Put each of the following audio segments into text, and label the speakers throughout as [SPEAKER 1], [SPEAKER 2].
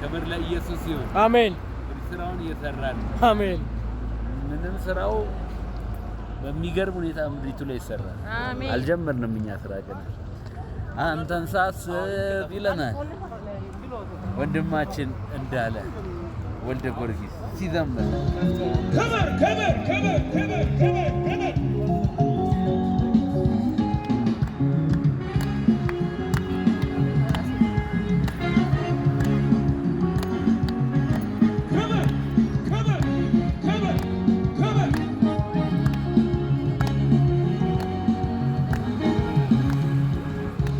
[SPEAKER 1] ክብር ለኢየሱስ ይሁን። አሜን። ስራውን እየሰራ ነው። አሜን። ምንም ስራው በሚገርም ሁኔታ ምድሪቱ ላይ ይሰራል። አሜን። አልጀመርንም እኛ ስራ ገና። አንተን ሳስብ ይለናል ወንድማችን እንዳለ ወልደ ጊዮርጊስ ሲዘምር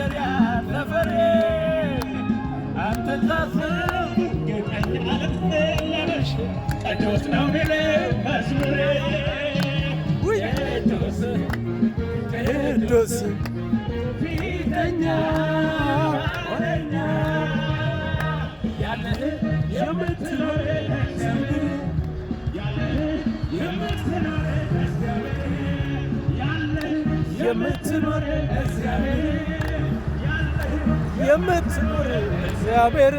[SPEAKER 2] መንደሪያ ሰፈሬ አንተን ሳስብ የቀኝ ቅዱስ ነው ሚል መዝሙሬ ቅዱስ ፊተኛ ኋለኛ ያለህ የምትኖር ያለህ የምትኖር የምትኖር እግዚአብሔር የምትኖር እግዚአብሔር